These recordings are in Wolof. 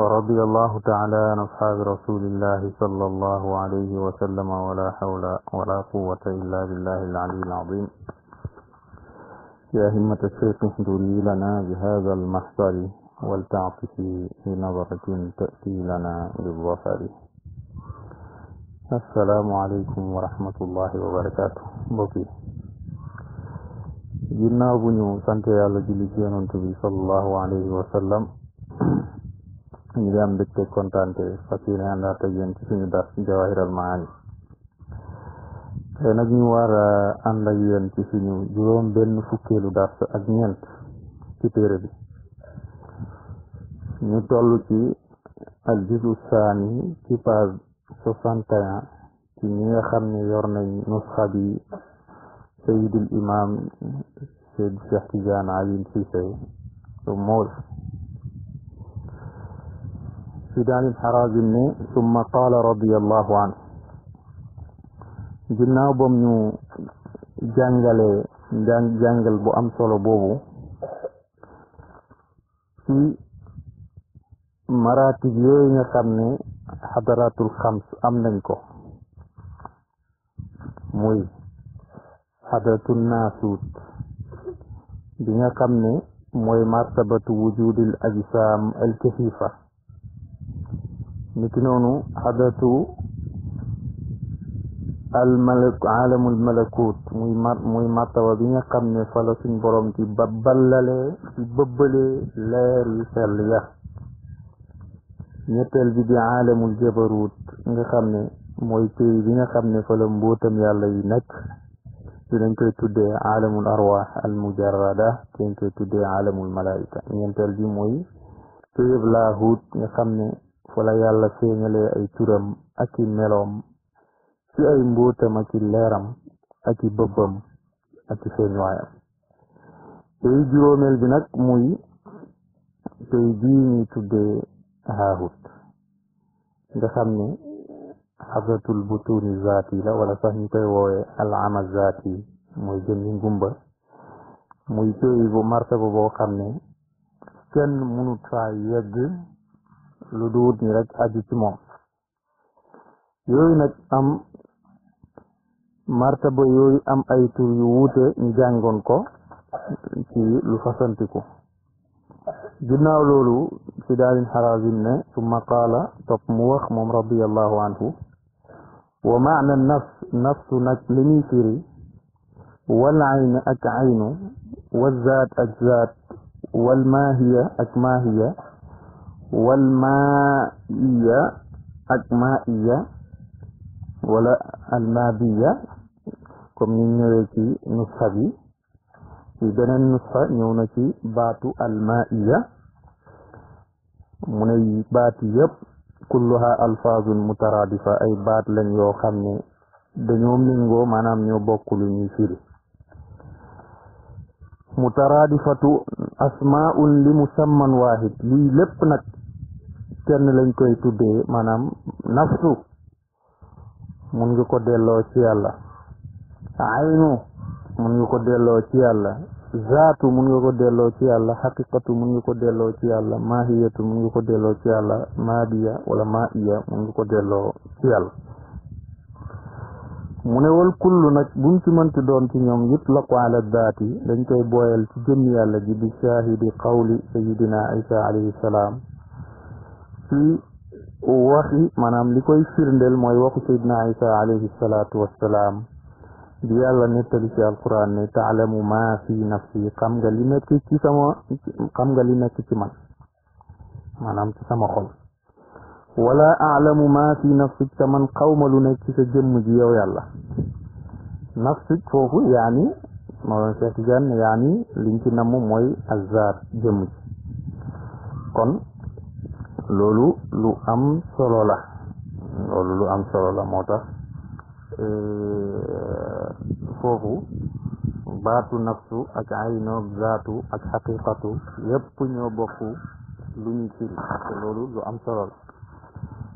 ورضي الله تعالى عن أصحاب رسول الله صلى الله عليه وسلم ولا حول ولا قوة إلا بالله العلي العظيم يا همة الشيخ احضري لنا بهذا المحضر ولتعطفي بنظرة تأتي لنا بالظفر السلام عليكم ورحمة الله وبركاته بطيء جنا بنيو سنتي على جلسة النبي صلى الله عليه وسلم ñu ngi am mbégte kontaante fas yéene àndaat ak yéen ci suñu dar Jawaahirul Maani tey nag ñu wara a ànd ak yéen ci suñu juróom benn fukkeelu dars ak ñeent ci téere bi ñu toll ci aljuzu saani ci page soixante ci ñi nga xam ne yor nañ nusxa bi sayidul imam Seyd Cheikh Tidiane Alioune mool سيدان الحراز مني ثم قال رضي الله عنه جناو بمنو جنجل جنجل بأمسل بوبو في مراتب يوين خمني حضرات الخمس أمننكو موي حضرات الناسوت بنا خمني موي مرتبة وجود الأجسام الكثيفة نكنونو حدثو الملك عالم الملكوت موي مات موي ماتا وبي خامني فلا سن بروم تي ببلالي تي ببلي لير يسل يا نيتل بي دي عالم الجبروت نغا خامني موي تي بي نغا خامني فلا مبوتم يالا يي نك تي نكو تودي عالم الارواح المجرده تي نكو تودي عالم الملائكه نيتل بي موي تي بلاهوت نغا خامني fa la yàlla feeñalee ay turam ak i meloom ci ay mbóotam ak i leeram ak i bëbbam ak i tey juróomeel bi nag muy tey jii ñuy tuddee haahut nga xam ne xasatul butuni zaati la wala sax ñu koy woowee al ama zaati mooy jëmmi ngumba muy tey bu martaba boo xam ne kenn mënu faa yegg lu duut ni rek aju ci moom yooyu nag am martaba yooyu am ay tur yu wuute ñu jàngoon ko ci lu fasantiku ginnaaw loolu ci daalin xaraazim ne summa qaala topp mu wax moom radiallahu anhu wa maana nafs nafsu nag li muy firi wal ayn ak aynu wa zaat ak zaat wal maahiya ak maahiya walmaiya ak maiya wala almabiya comme ni ñëwe ci nusfa bi ci beneen nusfa ñëw na ci baatu almaiya mu ne baat yi yëpp kulluha alfasun mutaradifa ay baat lañ yoo xam ne dañoo méngoo maanaam ñoo bokkulu ñuy firi mutaradifatu asmaun li musamman waahid lii lépp nag kenn lañ koy tuddee maanaam nafsu mun nga ko delloo ci yàlla aynu mun nga ko delloo ci yàlla zaatu mun nga ko delloo ci yàlla xaqiqatu mun nga ko delloo ci yàlla maahiyatu mun ngi ko delloo ci yàlla maadiya wala maiya mun nga ko delloo ci yàlla mu ne wal kullu nag buñ ci mënti doon ci ñoom yutlaqu ala zaati dañ koy booyal ci jëmm yàlla ji bi shaahidi qawli sayidina isa alayhi salaam ci maanaam li koy firndeel mooy waxu saydna isa alayhi salaatu wassalaam bi yàlla nettali ci alquran ne taalamu maa fi nafsi xam nga li nekk ci sama xam nga li nekk ci man maanaam ci sama xol wala aalamu maa fi nafsik te man xawma lu nekk ci sa jëmm ji yow yàlla nafsik foofu yaani maanaam Cheikh Tidiane yaani liñ ci azar jëmm kon loolu lu am solo la loolu lu am solo la moo tax euh, foofu baatu nafsu ak aynoog zaatu ak xaqiqatu yépp ñoo bokk lu ñu loolu lu am solo la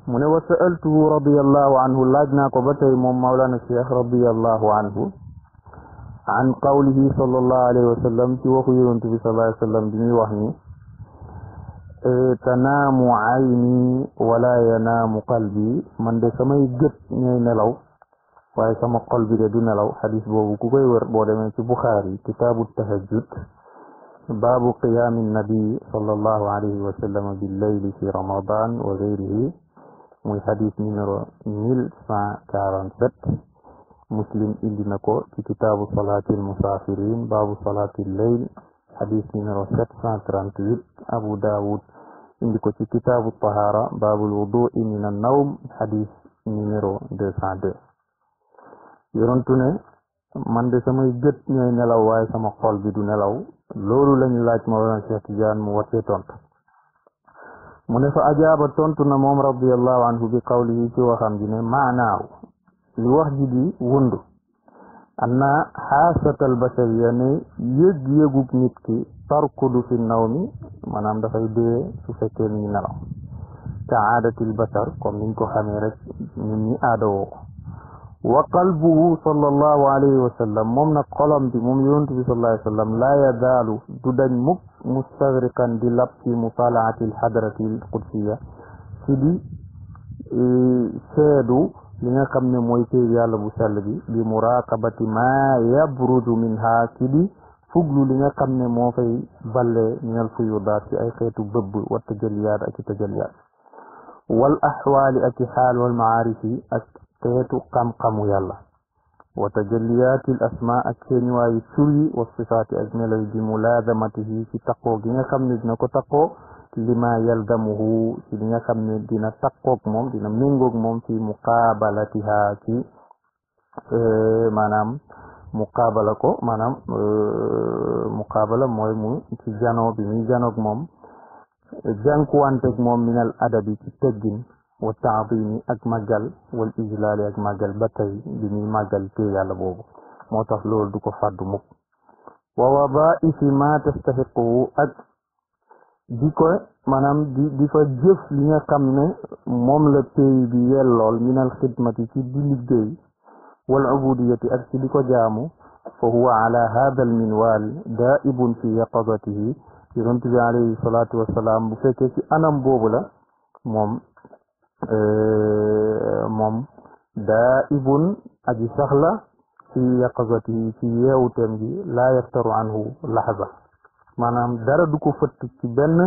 mu ne wa sa'altuhu radiallahu anhu laaj naa ko ba tey moom mawlana cheikh radiallahu anhu an qawlihi sallallahu alayhi wa sallam ci waxu yonent bi sallallahu alayhi wa sallam wax ni تنام عيني ولا ينام قلبي من دي سمي جت ني نلاو واي سما قلبي دي دي نلاو حديث بوبو كوكاي وير بو ديمي سي بخاري كتاب التهجد باب قيام النبي صلى الله عليه وسلم بالليل في رمضان وغيره من حديث نمرو 1147 مسلم اللي نكو في كتاب صلاة المسافرين باب صلاة الليل حديث نمرو 738 أبو داوود indi ko ci kitaabu tahaara baabul wudui min an nawm xadis numéro deux cent deux yonentu ne man de samay gët ñooy nelaw waaye sama xol bi du nelaw loolu lañu laaj mawlana Cheikh jaan mu war tontu mu ne fa ajaaba tontu na moom radiallahu anhu bi qawlihi ci waxam ji ne maanaaw li wax ji wundu am na xaasatal bashariya ne yëg-yëgub nit ki tarkudu fi naw mi maanaam dafay dee su fekkee mi ngi nelaw ka aadatil bashar comme niñ ko xamee rek nit ñi aadawoo ko wa qalbuhu sallallahu alayhi wa sallam moom nag xolam bi moom yonent bi sallallahu alayhi wa sallam laa yazaalu du di lab mu mutalaati alxadrati alqudsiya ci di eh, seedu li nga xam ne mooy téy yàlla bu sell bi bi muraqabati ma yabruju minha ci di fuglu li nga xam ne moo fay balle minal fuyudaat ci ay xeetu bëbb wa tajaliyaat ak i tajaliyaat wal axwaali ak i xaal wal maarif yi ak xeetu xam-xamu yàlla wa tajaliyaati l asma ak feeñuwaayu tur yi wa sifaati ak melo yi bi mulaazamatihi ci taqoo gi nga xam ne dina ko taqoo ci lima yalzamuhu ci li nga xam ne dina takkoog moom dina méngoog moom ci muqaabalatiha ci euh, maanaam muqaabala ko maanaam euh, muqaabala mooy mu ci janoo bi muy janook moom jànkuwanteeg moom minal adabi ci teggin wa taadimi ak màggal wal ijlaali ak màggal ba tey bi muy màggal te yàlla boobu moo tax loolu du ko fàddu mukk wa wabaisi ma tastaxiquhu ak di ko maanaam di di fa jëf li nga xam ne moom la pays bi yellool minal xidmati ci di liggéey wal ubudiyati ak ci di ko jaamu fa huwa ala hada al minwal daaibun fi yaqazatihi yonent bi alayhi salaatu wasalaam bu fekkee ci anam boobu la moom euh, moom daaibun aji saxla fi yaqazatihi ci yeewuteem gi laa yaftaru anhu laxza maanaam dara du ko fëtt ci benn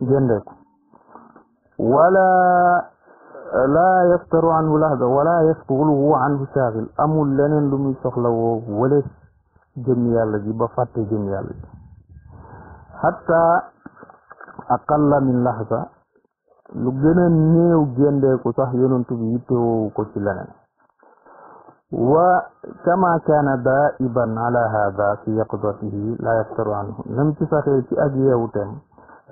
jëndeeku wala laa yaftaru anhu lahda wala yasquluhu anhu saagil amul leneen lu muy soxla woo wala jëm yàlla ji ba fàtte jëm yàlla ji xatta aqalla min lahza lu gën a néew jëndeeku sax yonentu bi yittewoowu ko ci leneen وكما كان دائبا على هذا في يقظته لا يفتر عنه نم ci saxee ci ak yeewuteem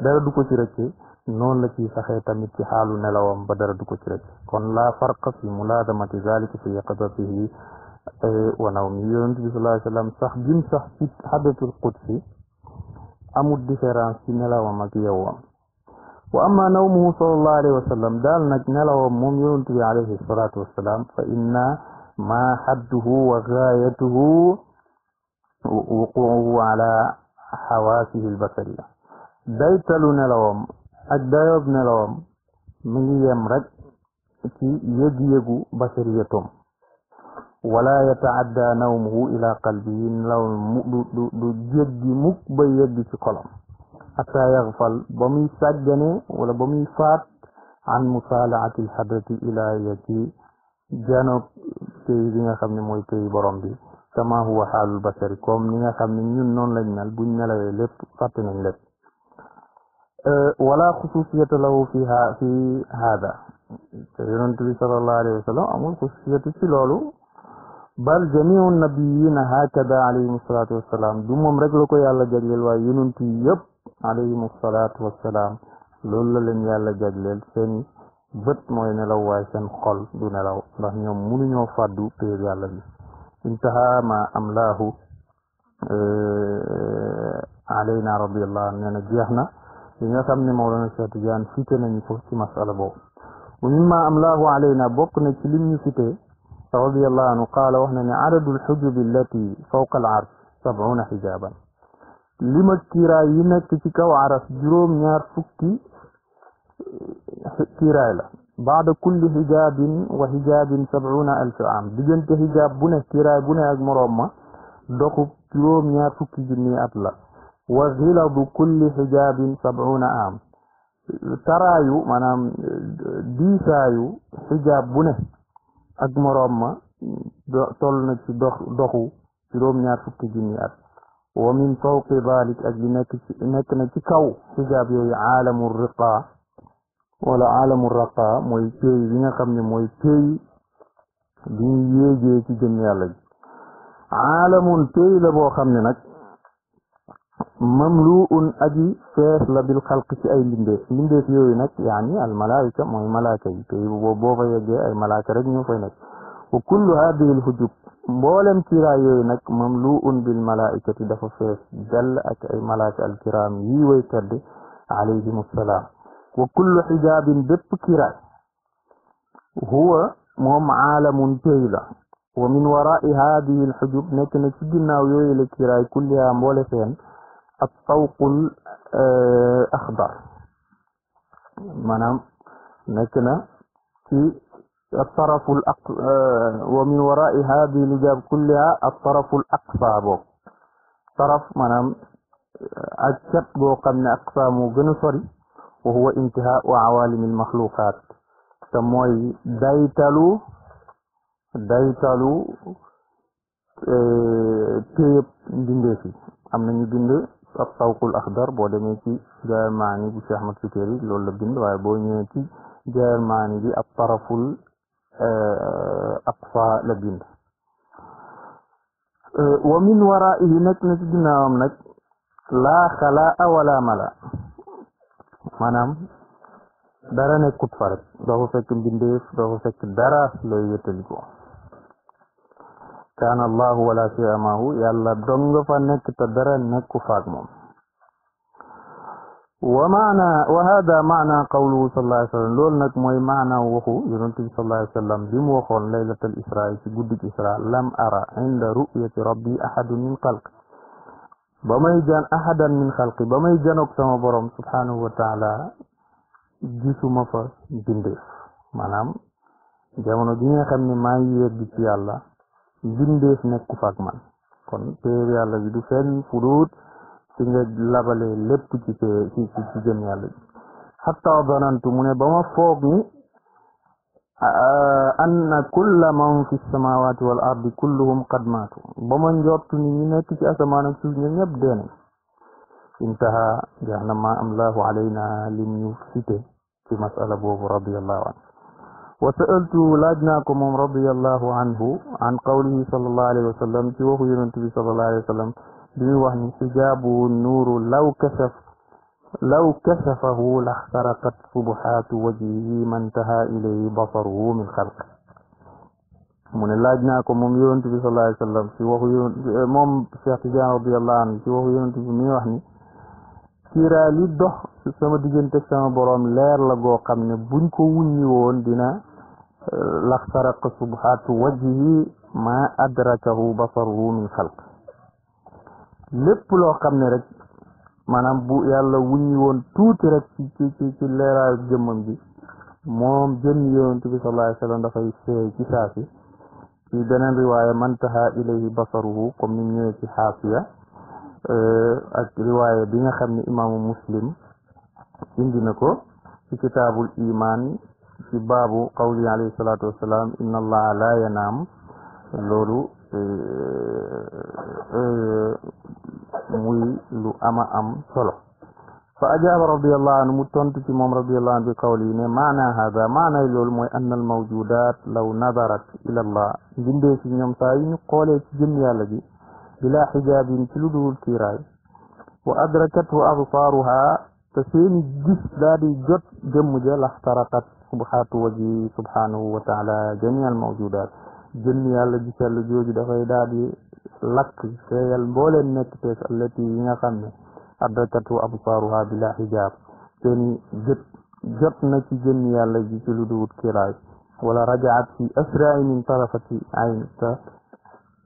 dara du ko ci rëcc noonu la ciy saxee tamit ci xaalu nelawam ba dara du ko ci rëcc kon la farqa fi mulaazamati zalika fi yaqdatihi wa nawmi yonent bi sallallahu alayhi wasallam sax gim sax ci xadatul qudsi amul différence ci nelawam ak yeewam wa amma nawmuhu sallallahu alayhi wasallam daal nag nelawam moom yonent bi alayhi salatu wasalaam fa inna ما حده وغايته وقوعه على حواسه البصرية دايتلو نلوم الدايب نلوم من يمرد في يديه بصريتهم ولا يتعدى نومه إلى قلبه لو يدي مكبا يدي في قلم حتى يغفل بمي سجنه ولا بمي فات عن مصالعة الحضرة إلى يدي janoog pays bi nga xam ne mooy pays borom bi kama huwa xaalul basari comme ni nga xam ne ñun noonu lañ mel buñ bal jamiu nabiyina hakada alayhim asalatu wasalaam du moom rek la yàlla jagleel waaye yonent yi yëpp alayhim asalatu wasalaam loolu yàlla jagleel seeni bët mooy nelaw waaye seen xol du nelaw ndax ñoom ñoo fàddu péyeb yàlla bi intaha ma amlaahu alayna radiallah nee na jeex na li nga xam ne Mawlana Cheikh Tidiane fité nañu ko ci masala boobu wa mimma amlaahu alayna bokk na ci lim ñu cité radiallahu anhu qaala wax na ne adadul xujubi allati fawqa alarsh arsh sabuna xijaaban lima kiiraay yi nekk ci kaw aras juróom ñaar fukki tiraay la baada kulli hijaabin wa hijaabin sab'una alf am diggante hijaab bu ne tiraay bu ne ak moroom ma doxub juróom ñaar fukki junni at la wa ziladu kulli hijaabin sab'una am taraayu maanaam diisaayu hijaab bu ne ak moroom ma toll na ci dox doxu juróom ñaar fukki junni at wa min fawqi dalik ak li nekk ci nekk na ci kaw hijaab yooyu aalamu riqaa wala alamu raqa moy peey bi nga xamne moy mooy bi ñu ci jëm yàlla ji aalamun peey la bo xamne nak mamluun aji fees la bil khalq ci ay linde mbindeef yooyu nak yani al malaika moy malaika yi peey bo bo fa yegge ay malaika rek ñoo fay nak wa kullu hadhihi al hujub mbolam ci ra yooyu nak mamluun bil malaikati dafa fees dal ak ay malaika al kiram yi way tedd alayhi assalam وكل حجاب كراي هو مهم عالم تيلا ومن وراء هذه الحجب نتنا سجنا ويوي لكراي كلها مولفين الطوق الأخضر آه، منام نتنا في الطرف الأق... آه، ومن وراء هذه الحجاب كلها الطرف الأقصى بوك طرف منام أجب بوك من أقصى مو جنصري وهو انتهاء عوالم المخلوقات سموي دايتالو دايتالو تيب بنديسي امنا نجند الطوق الاخضر بعد ما يجي جاير بس احمد فكري لولا بند واي بوينيتي جاير معني دي الطرف الاقصى لبند ومن ورائه نك نك لا خلاء ولا ملأ maanaam dara nekkut fa rek doo ko fekk mbindeef doo ko fekk dara looy wéttaliko kaana allahu wala siamahu yàlla dong nga fa nekk te dara nekku faak moom wa maana wa hada maana qawluhu sallallahu alayhi wa sallam loolu nag mooy maana waxu yonent bi sallallahu alayhi wa sallam li mu waxoon laylatal isra ci guddig isra lam ara inda ru'yati rabbi ahadun min xalq ba may jan ahadan min xalqi ba may janoog sama borom subhanahu wa taala gisuma fa bindeef maanaam jamono ji nga xam ne maa ngi yegg ci yàlla bindeef nekku fa man kon péer yàlla bi du fenn fu duut ci labale lépp ci ci ci jëm yàlla bi xatta danantu ne ba ma foog ni آه، أن كل من في السماوات والأرض كلهم قد ماتوا بمن جوابت منك تشي أسمان السجن يبدين انتهى جعل ما أملاه علينا لم يفسد في مسألة بوب رضي الله عنه وسألت لجناكم رضي الله عنه عن قوله صلى الله عليه وسلم جوه ينتبه صلى الله عليه وسلم بمي وحن حجاب النور لو كشفت law kasafahu laxtarakat subuhaatu wajhihi mantaha ilayhi basaruhu min xalq mu ne laaj naa ko moom yonent bi sallallahu alayhi wa sallam ci waxu yonent moom Cheikh Tidiane radiyallahu anhu ci waxu yonent bi mi wax ni kiiraa li dox sama diggante sama boroom leer la goo xam ne buñ ko wuññi woon dina euh, laxtaraq subhaatu wajhihi ma adrakahu basaruhu min xalq lépp loo xam ne rek maanaam bu yàlla wuññi woon tuuti rek ci ci ci ci leeraayu jëmmam ji moom jëmmi yonent bi sallallahu alayhi wa sallam dafay seey ci saasi ci beneen riwaaya mantaha ilayhi basaruhu comme ni ñëwee ci xaafiya euh, bi nga xam ne imaamu muslim indi na ko ci kitaabul baabu qawli inna allaha la yanaam loolu muy lu ama am solo fa ajaaba radiallahu anhu mu tontu ci moom radiallahu anhu bi qawli ne maana hada maanay loolu mooy anna al mawjudat law nadarat ila allah mbindee ci ñoom saa yu ñu xoolee ci jëm yàlla ji bila xijaabin ci lu dul kiiraay wa adrakathu absaaruha te seeni gis daa di jot jëmm ja laxtaraqat subhaatu waji subhanahu wa taala jami al mawjudat jënn yàlla ji sell jooju dafay daal di lakk feeyal mbooleen nekk teef allati yi nga xam ne adrakatu absaaruha bila xijaab seeni jët jot na ci jënn yàlla ji ci lu duwut kiraay wala rajaat fi asra'i min tarafati ayn te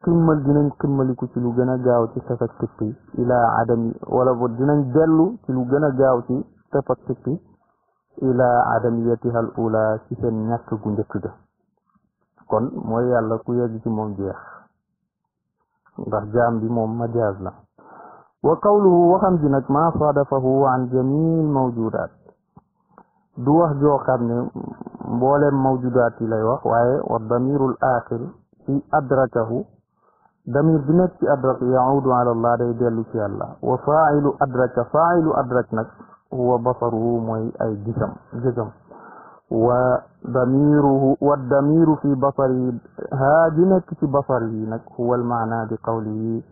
ximmal dinañ ximmaliku ci lu gën a gaaw ci tefak tippi ilaa adami wala bo dinañ dellu ci lu gën a gaaw ci tefak tippi ilaa ci seen ñàkk gu njëkk ga kon mooy yàlla ku yegg ci moom jeex ndax jaam bi moom majaaz la wa qawluhu waxam ji nag maa sadafahu an jamil mawjudaat du wax joo xam ne mboolem mawjudaat yi lay wax waaye wa damirul axir ci adrakahu damir bi allah day dellu ci yàlla wa faailu adrak nag huwa basaruhu mooy ay gisam gisam وضميره والضمير في بصري هاجنك في بصري هو المعنى بقوله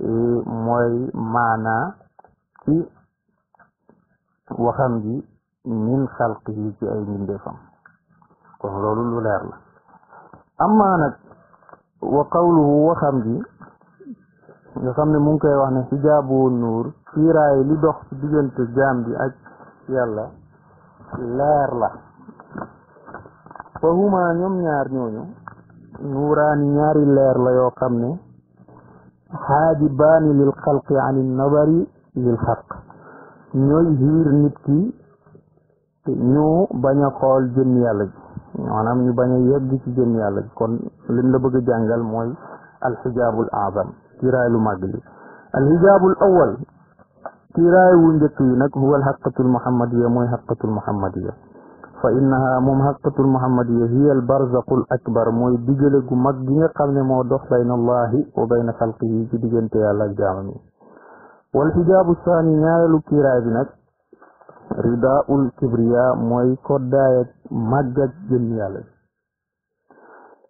إيه، موي معنى في وخمدي من خلقه في أي من دفن وهو أما أنا وقوله وخمدي nga منك ne حجاب النور في wax ne hijaabu nuur fiiraay li dox ci fa huma ñoom ñaar ñooñu nuuraani ñaari leer la yoo xam ne xaajibaani lil xalqi ani nabari lil xaq ñooy xiir nit ñu baña a xool jëm yàlla ñu bañ a yegg yàlla kon lim la bëgg a jàngal mooy alxijaabul azam kiiraay lu màgg li alxijaabul awal kiiraay wu njëkk yi nag huwa alxaqatul muhammadiya mooy xaqatul muhammadiya fa innaha moom xaqiqatul muhammadiya hiya al barzaqul akbar mooy digale gu mag gi nga xam ne moo dox bayna allahi wa bayna xalqihi ci diggante yàlla ak jaamam yi wal xijaabu saani ñaareelu kiiraay bi nag ridaul kibriya mooy koddaay ak màgg ak jëm yàlla bi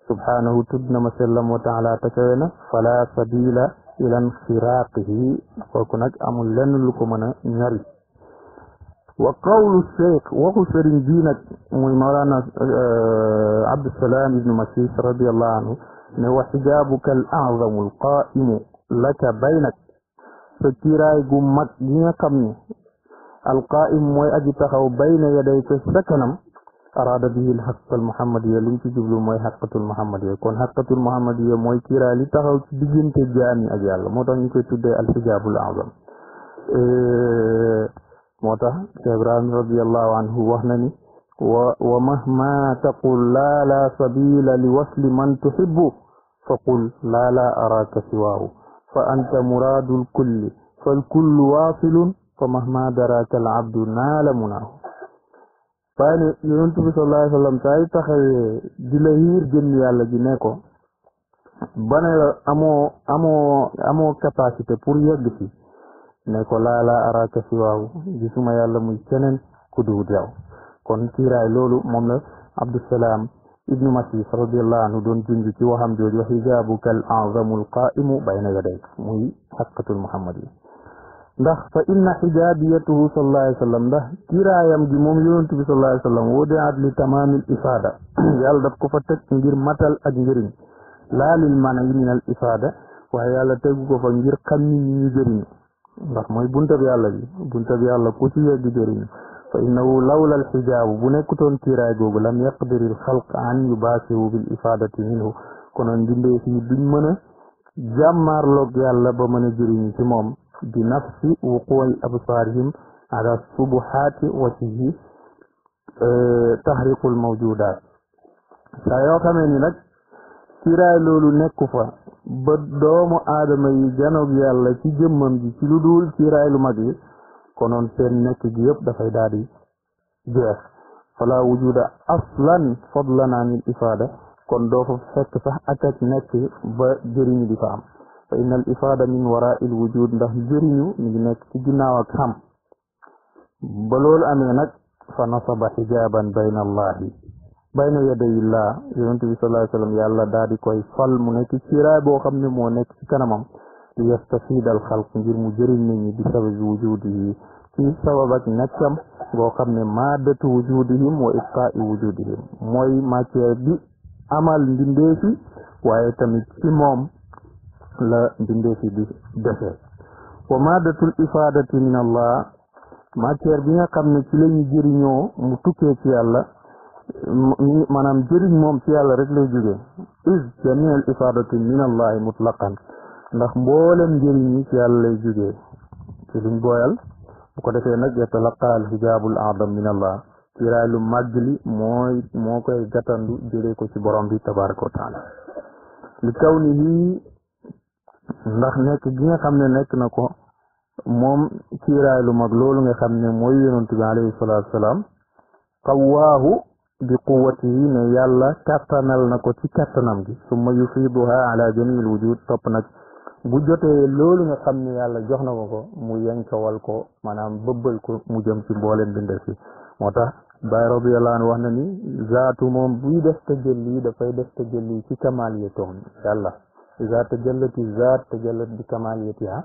subhaanahu tudd na ma sellam wa taala te kawe na fala sabila ilan firaqihi kooku nag amul lenn lu ko mën a ñari وقول الشيخ وغسر دينك مولانا آه، عبد السلام بن مسيح رضي الله عنه هو حجابك الأعظم القائم لك بينك فتيراي قمت دين القائم ويأجي تخو بين يديك السكنم أراد به الحق المحمدية لن تجيب له موي حقة المحمدية كون حقة المحمدية موي كيرا لي بجنت جاني أجي الله ak yalla motax الحجاب الأعظم tuddé آه، moo tax Cheikh Ibrahim radiallahu anhu wax na ni wa mahma taqul laa laa sabila li wasli man tuhibbu fa qul laa laa araaka siwaahu fa anta muraadul kulli fal kullu waasilun fa mahma daraaka al abdu naala munaahu waaye ne yonent bi sallallahu alayhi wa sallam saay taxawee di la hiir jëm yàlla ji ne ko ba ne la amoo amoo amoo capacité pour yegg ci ne ko laala araka siwaahu gisuma yàlla muy keneen ku duwut yow kon kiiraay loolu moom la abdusalaam ibnu masih radiallahu anhu doon junj ci waxam jooju wa xijaabuka al azamu alqaimu bayna yadayk muy xaqatul muhammad yi ndax fa inna xijaabiyatuhu sallallahu alayhi wa sallam ndax kiiraayam gi moom yonent bi sallallahu alayhi wa sallam wadaat li tamaamil ifaada yàlla daf ko fa teg ngir matal ak njëriñ laa lil manayi min al ifaada waaye yàlla tegu ko fa ngir xam ni ñu jëriñu ndax mooy buntab yàlla bi buntab yàlla ku ci yegg jëriñu fa innahu lawla alxijaabu bu nekkutoon kiiraay googu lam yaqdiril xalq an yubaasiru bil ifaadati minhu konoon bindee fii duñ mën a jàmmaarloog yàlla ba mën a jëriñu ci moom bi nafsi wuquwi absaarihim ala subuhaati wajhihi euh, tahriqul mawjudaat saa yoo xamee ni nag kiiraay loolu nekku fa ba doomu aadama yi janoog yàlla ci jëmmam ji ci lu dul ci raay lu mag yi konoon seen nekk gi yëpp dafay daal di jeex fala wujuda aslan fadlana min ifaada kon doo fa fekk sax ak ak nekk ba jëriñu di fa am fa inna al ifaada min waraa il wujud ndax jëriñu mi ngi nekk ci ginnaaw ak xam ba loolu amee nag fa nasaba xijaaban bayna allahi bay na yadayillaa yonent bi sallallahu alayhi wa sallam yàlla daal di koy fal mu nekk ci raay boo xam ne moo nekk ci kanamam li yastafiida al xalq ngir mu jëriñ nit ñi bi sababi wujudihi ci sabab ak nekkam boo xam ne maadatu wujudihim wa ibqaa'i wujudihim mooy matière bi amal mbindeefi waaye tamit ci moom la mbindeefi di defe wa maadatul ifaadati min allah matière bi nga xam ne ci lañu jëriñoo mu tukkee ci yàlla maanaam jëriñ moom ci yàlla rek lay jógee is jamial ifadatu min allahi mutlaqan ndax mboolem njëriñ yi ci yàlla lay jógee ci booyal bu ko defee nag yatalaqa al hijabul adam min allah kiiraay lu màgg li mooy moo koy gàttandu jëlee ko ci borom bi tabaraka wa taala li ndax nekk gi xam ne nekk na ko moom kiiraay lu mag loolu nga xam ne mooy yonantu bi alayhi salaatu wasalaam qawwaahu bi quwwati yi ne yàlla kàttanal na ko ci kàttanam gi summa yufiduha ala jamil wujud topp nag bu jotee loolu na xam ne yàlla jox na ko ko mu yenkawal ko maanaam bëbbal ko mu jëm ci mboolem bindef yi moo tax Baay radiyallahu anhu wax na ni zaatu moom buy def tajalli dafay def tajalli ci kamaliyatoom yàlla za tajallati zaat tajallat bi kamaliyatiha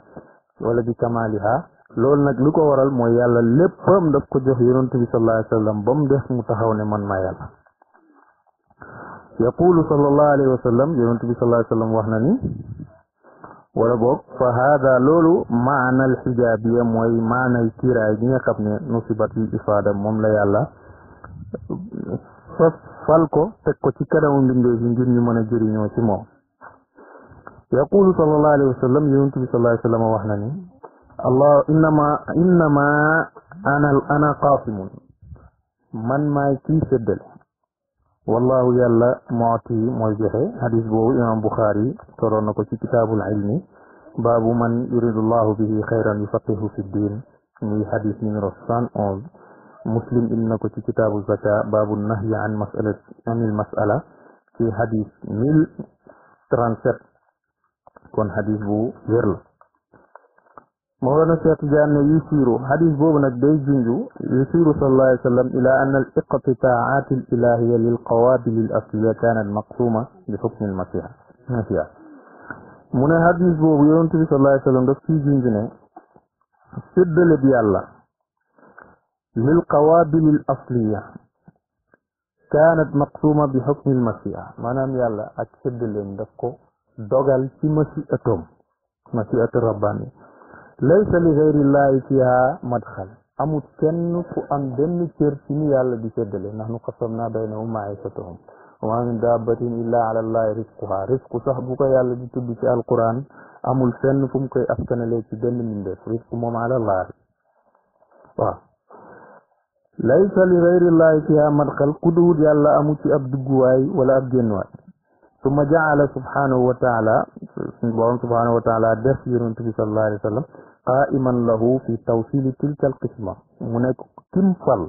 wala bi kamaliha loolu nag li ko waral mooy yàlla léppam daf ko jox yonent bi sallallahu alayhi wa sallam ba mu def mu taxaw ne man maa yàlla yaqulu sallallahu alayhi wa sallam yonent wax na ni wala boog fa hada loolu maana al mooy maanay kiiraay gi nga xam ne nusibat lil ifaada moom la yàlla fas ko teg ko ci kanamu mbindee yi ngir ñu mën a jëriñoo ci moom يقول صلى الله عليه وسلم ينتبه صلى الله عليه وسلم وحنني الله إنما إنما أنا أنا قاسم من ما يكيس الدل والله يلا معطي موجهه حديث بو إمام بخاري ترى في كتاب العلم باب من يريد الله به خيرا يفقهه في الدين من حديث من رسان مسلم إن في كتاب الزكاة باب النهي عن مسألة عن المسألة في حديث من ترانسفت كون حديث بو wér la مولانا شيخ جان يشير حديث بو نك داي جنجو يشير صلى الله عليه وسلم الى ان الاقتطاعات الالهيه للقوابل الاصليه كانت مقسومه بحكم المسيح مسيح من حديث بو يونت صلى الله عليه وسلم دك في جنجو نه سدل بي الله للقوابل الاصليه كانت مقسومه بحكم المسيح نام يالا اك سدل دكو dogal ci masiiatoom masiiatu rabbaani laysa li gayrillaahi fiha madxal amul kenn ku am benn cër ci ni yàlla di seddale ndax nu xasam naa bay na mu maayisatohum wa min daabatin illaa ala llaahi risquha risqu sax bu ko yàlla di tudd ci alquran amul fenn fu mu koy askanale ci benn mbindeef risqu moom ala llaah laysa li gayrillaahi fiha madxal ku duwut yàlla amu ci ab dugguwaay wala ab génnuwaay ثم جعل سبحانه وتعالى سبحانه وتعالى, سبحانه وتعالى دف يرنتو صلى الله عليه وسلم قائما له في توصيل تلك القسمة منك كمفل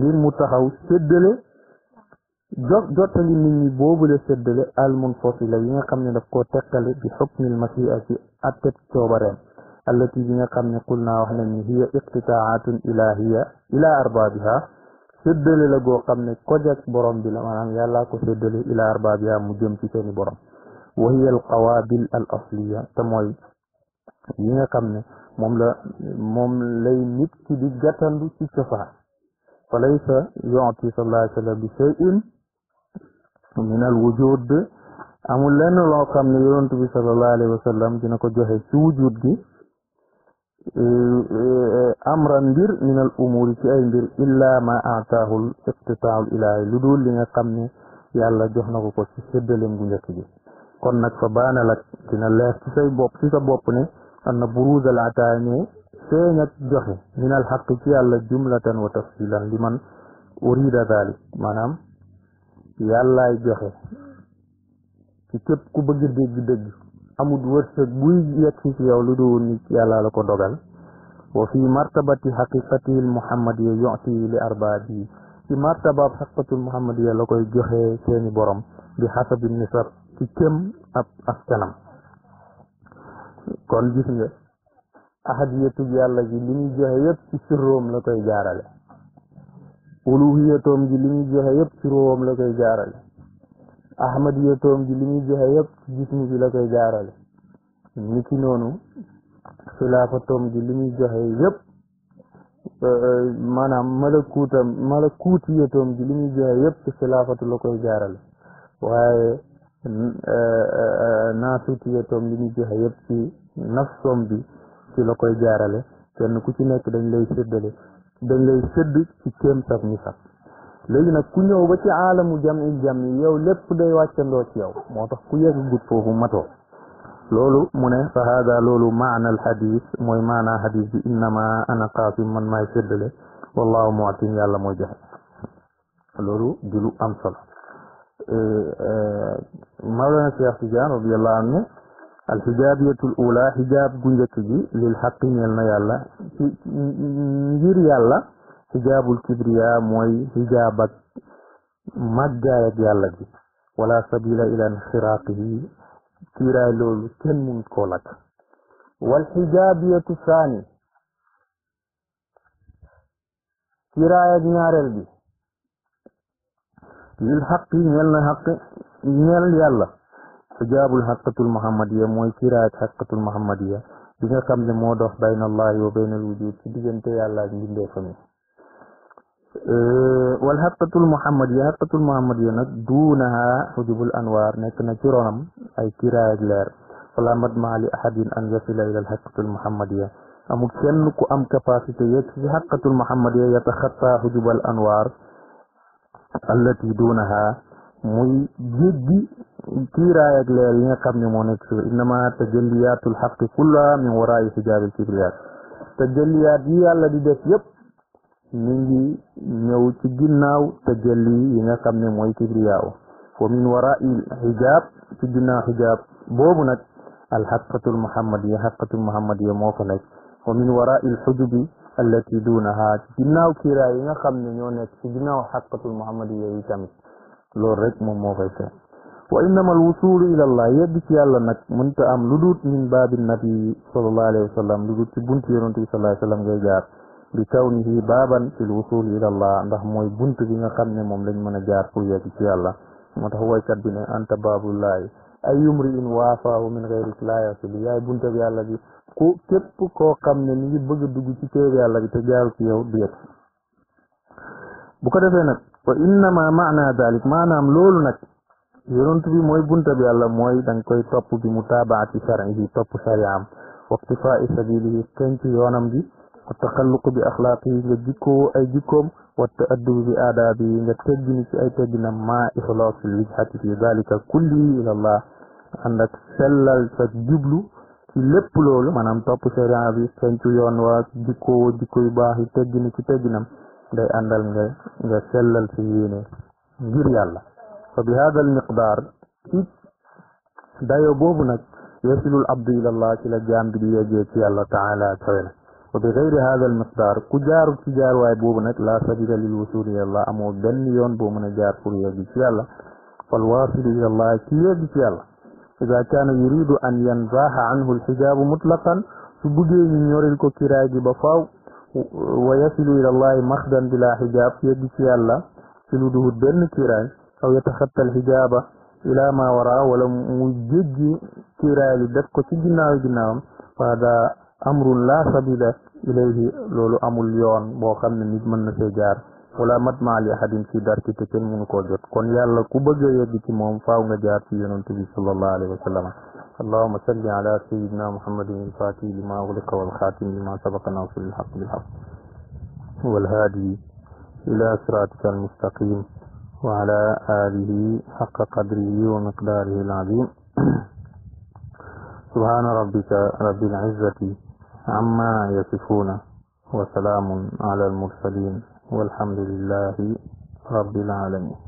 غير متخاو سدل جوت لي نيني بوبو لي سدل المنفصل ييغا خامني داف كو بحكم المسيئة ات توبرم التي ييغا خامني قلنا هي اقتطاعات الهيه الى اربابها séddale la goo xam ne kojak borom bi la maanaam yàllaa ko séddale ila arbaabiha mu jëm ci seeni borom wa hiya al qawaabil al asliya te yi nga xam ne moom la moom lay nit ki di gàttandu ci cosaan fa laysa yonti sallallahu alayhi wa bi shay'in min al wujud amul lenn loo xam ne yonent bi sallallahu alayhi wa sallam dina ko joxe ci wujud gi Euh, euh, amran mbir min al umuri ci ay mbir illa ma aataahul lu dul li nga xam ni yàlla jox na ko ko ci séddalem gu njëkk bi kon nag fa baana lak dina leer ci say bopp ci sa bopp ne an na buruuz al ataa ne feeñ ak joxe min al xaq ci yàlla jumlatan wa tafsilan li man urida dalik maanaam yàllaay joxe ci képp ku bëgg dégg dégg amul wërsëg buy yegg si ci lu dul ni yàlla la ko dogal wa fi martabati xaqiqatil muhammadiya yuti li arbaab yi ci martabaab xaqiqatul muhammadiya la koy joxee seeni borom di xasabi nisab ci kém ab askanam kon gis nga ahadiyatug yàlla ji li ñuy joxe yépp ci sirróom la koy jaarale uluhiyatoom ji li ñuy joxe yépp ci róom la koy jaarale ahmad yétoom ji li muy joxe yëpp ci jismu bi la koy jaarale ni ki noonu xilaafatoom ji li muy joxe yëpp euh, maanaam malakuutam malakuuti yétoom ji li muy joxe yëpp ci xilaafatu la koy jaarale waaye euh, naasuuti yétoom li muy joxe yëpp ci nafsoom bi ci la koy jaarale kenn ku ci nekk dañ lay séddale dañ lay sédd ci kéem sab ni sax léegi nag ku ñëw ba ci aalamu jam il jam yi yow lépp day wàccandoo ci yow moo tax ku yegg gut foofu matoo loolu mu ne fa hada loolu maana al mooy maanaa xadis bi ana qaasim man maay séddale wallahu muatin yàlla mooy joxe loolu di lu am solo euh, euh, mawlana cheikh tidiane radiallahu anhu al xijaabiyatu l ula xijaab gu njëkk yàlla ci حجاب الكبرياء موي حجاب ما جاي ولا سبيل الى انخراقه كيرا لول كن من كولك والحجابية الثاني كيرا يجنار الدي للحق يلنا حق يل يالا حجاب الحقة المحمدية موي كيرا الحقة المحمدية بينا كم دي بين الله وبين الوجود في ديجنتي جنبه فمي wal hattatul muhammadiya hattatul muhammadiya nag duunaha xujubul anwaar nekk na ci ronam ay kiraay ak leer fala madma li ahadin an yasila ila al hattatul muhammadiya amul kenn ku am capacité yegg ci hattatul muhammadiya yataxatta xujubal anwaar allati duunaha muy jéggi kiiraay ak leer yi nga xam ne moo nekk si innama tajalliyatul xaqi kulla min waraay xijaabil kibriyaat tajalliyaat yi yàlla di def yépp mi ngi ñëw ci ginnaaw tajalli yi nga xamne moy mooy kibriyaaw wa min warai hijab ci ginnaaw xijaab boobu nag alxaqatul muhammad muhammadiyya xaqatul muhammad ya moo fa nek fo min warai al hujub allati dunaha ci ginnaaw kiiraay yi nga xamne ne ñoo nekk ci ginnaw xaqatul muhammad ya yi tamit loolu rek moom mo fay fekk wa innama wusul ila allah yegg ci yàlla nak nag ta am ludut min babin nabi sallallahu alayhi wasallam ludut ci buntu yaronte sallallahu alayhi wasallam ngay jaar bi kawnihi baaban fil wusul ila allah ndax mooy bunt bi nga xam ne moom lañ mën a jaar pour yegg ci yàlla moo tax woykat bi ne anta baabullahi ay yumri in waafaahu min gayrik laa yasul yaay bunt bi yàlla bi ku képp koo xam ne mi ngi bëgg a ci téer yàlla bi te jaaru ci yow du yegg bu ko defee nag wa innama maana dalik maanaam loolu nag yonent bi mooy bunt bi yàlla mooy danga koy topp bi mutaabaati shar'i bi topp shari'am waqtifaa'i sabilihi kenc yoonam bi التخلق بأخلاقه لديكو أيديكم والتأدب بآدابه نتجن في أي تجن ما إخلاص الوجهة في ذلك كله إلى الله عندك سلل تجبلو في لب لول من أم تابو شرابي سنتو يونوا ديكو ديكو يباه تجن في تجن داي أندل نجا سلل في يوني جير يالله فبهذا المقدار دايو بوبنا يصل العبد إلى الله كلا جامد بيجي الله تعالى تعالى وبغير هذا المقدار كجار كجار واي بوب لا سبيل للوصول الى الله امو بن يون بومن جار كوريا يجي الله فالواصل الى الله كي يجي الله اذا كان يريد ان ينزاح عنه الحجاب مطلقا سبجي ينيورل كيراي كراجي بفاو ويصل الى الله مخدا بلا حجاب يجي في الله سلوده بن كيراي او يتخطى الحجاب الى ما وراه ولم يجي كراي دكو تجناو جناو فهذا امر لا سبيل اليه لولو امول يون بو خامن نيت من نسي جار ولا مات ما لي احد في دار كي تكن من كو جوت كون يالا كو بغا يدي تي موم فاو nga جار في يونتي صلى الله عليه وسلم اللهم صل على سيدنا محمد الفاتح لما اغلق والخاتم لما سبق ناصر الحق بالحق والهادي الى صراطك المستقيم وعلى اله حق قدره ومقداره العظيم سبحان ربك رب العزه عما يصفون وسلام على المرسلين والحمد لله رب العالمين